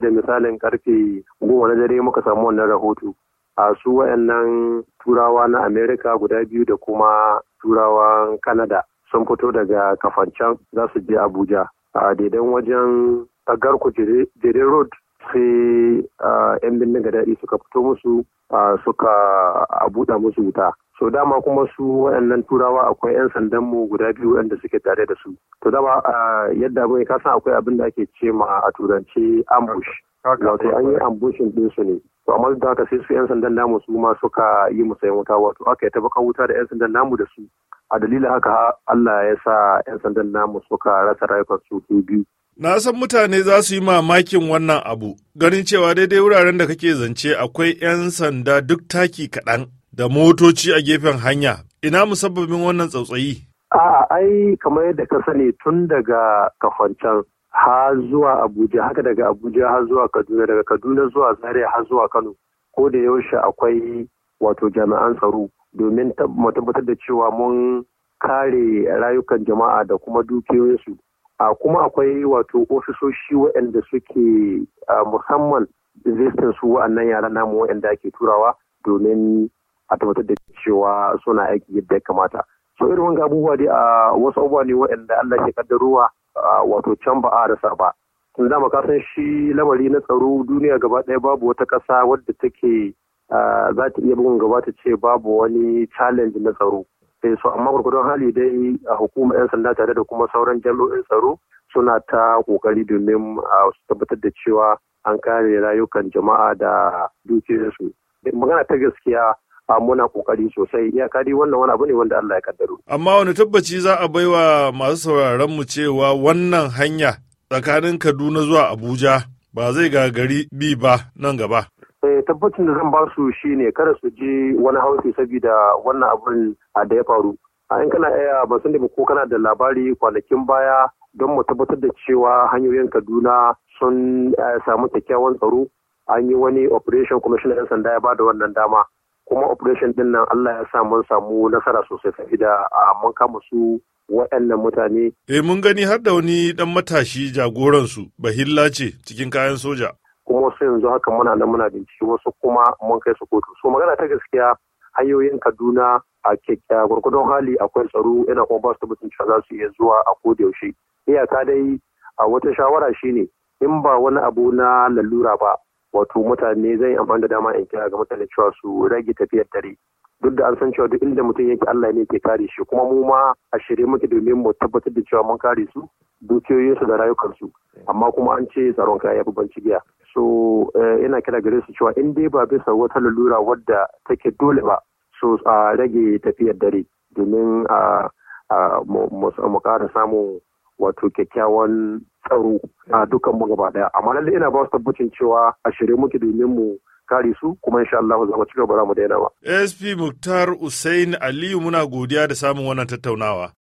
da misalin karfe goma na dare muka samu wannan rahoto a su wayannan turawa na amerika guda biyu da kuma turawan kanada sun fito daga kafancan za su je abuja a daidan wajen tsagar jere road sai yan bindiga daɗi suka fito musu suka buɗe musu wuta so dama kuma su waɗannan turawa akwai 'yan sandan mu guda biyu waɗanda suke tare da su to dama yadda abin ka san akwai abin da ake ce ma a turanci ambush wato an yi ambushin din su ne to amma da haka sai su 'yan sandan namu su ma suka yi musayin wuta wato aka yi tabakan wuta da 'yan sandan namu da su a dalilin haka Allah ya sa 'yan sandan namu suka rasa rayukan su biyu Na san mutane za su yi mamakin wannan abu, ganin cewa daidai wuraren da kake zance akwai 'yan sanda duk taki kaɗan. da motoci a gefen hanya ina musabbabin wannan tsautsayi a ai kamar yadda ka sani tun daga kafancan ha zuwa abuja haka daga abuja har zuwa kaduna daga kaduna zuwa zaria har zuwa kano ko da yaushe akwai wato jami'an tsaro domin tabbatar da cewa mun kare rayukan jama'a da kuma dukiyoyinsu a kuma akwai wato ofisoshi waɗanda suke musamman zistin su wa'annan yaran namu waɗanda ake turawa domin a tabbatar da cewa suna aiki yadda ya kamata so irin wanga abubuwa dai a wasu abubuwa ne waɗanda Allah ke kaddarowa wato can ba a rasa ba tun dama ka san shi lamari na tsaro duniya gaba ɗaya babu wata ƙasa wadda take za ta iya bugun gaba ta ce babu wani challenge na tsaro sai eh, so amma gwargwadon hali dai a hukumar 'yan sanda tare da kuma sauran jami'o'in tsaro suna ta kokari domin a tabbatar da cewa an kare rayukan jama'a da dukiyoyinsu magana ta gaskiya muna kokari sosai ya kari wannan wani abu ne wanda Allah ya kaddaro. Amma wani tabbaci za a baiwa masu sauraron mu cewa wannan hanya tsakanin Kaduna zuwa Abuja ba zai gagari bi ba nan gaba. Eh, tabbacin da zan ba su shi ne, kada su je wani haushi saboda wannan abun da ya faru. A in kana iya eh, ba san nemi ko kana da labari kwanakin baya don mu tabbatar da cewa hanyoyin Kaduna sun eh, samu kyakkyawan tsaro an yi wani operation kuma commissioner 'yan sanda ya ba da wannan dama. kuma operation din nan Allah ya sa mun samu nasara sosai a mun kama su waɗannan mutane. E mun gani har da wani ɗan matashi jagoransu Bahilla ce cikin kayan soja. Kuma wasu yanzu haka muna nan muna bincike wasu kuma mun kai su kotu. So magana ta gaskiya hanyoyin Kaduna a kyakkyawa gwargwadon hali akwai tsaro yana kuma ba su tabbatin cewa za su iya zuwa a kodayaushe. Iyaka dai a wata shawara shine in ba wani abu na lalura ba wato mutane zai amfani da dama in kira ga mutane cewa su rage tafiyar dare duk da an san cewa duk inda mutum yake Allah ne ke kare shi kuma mu ma a shirye muke domin mu tabbatar da cewa mun kare su su da su amma kuma an ce tsaron kaya ya ban cigiya so eh, ina kira gare su cewa in dai ba bisa wata lalura wadda take dole ba so a rage tafiyar dare domin a mu kara samun wato kyakkyawan tsaro a dukan mu gaba daya amma lalle ina ba su tabbacin cewa a shirye muke domin mu kare su kuma insha Allah za mu ci gaba mu daina ba. SP Muktar Usain Aliyu muna godiya da samun wannan tattaunawa.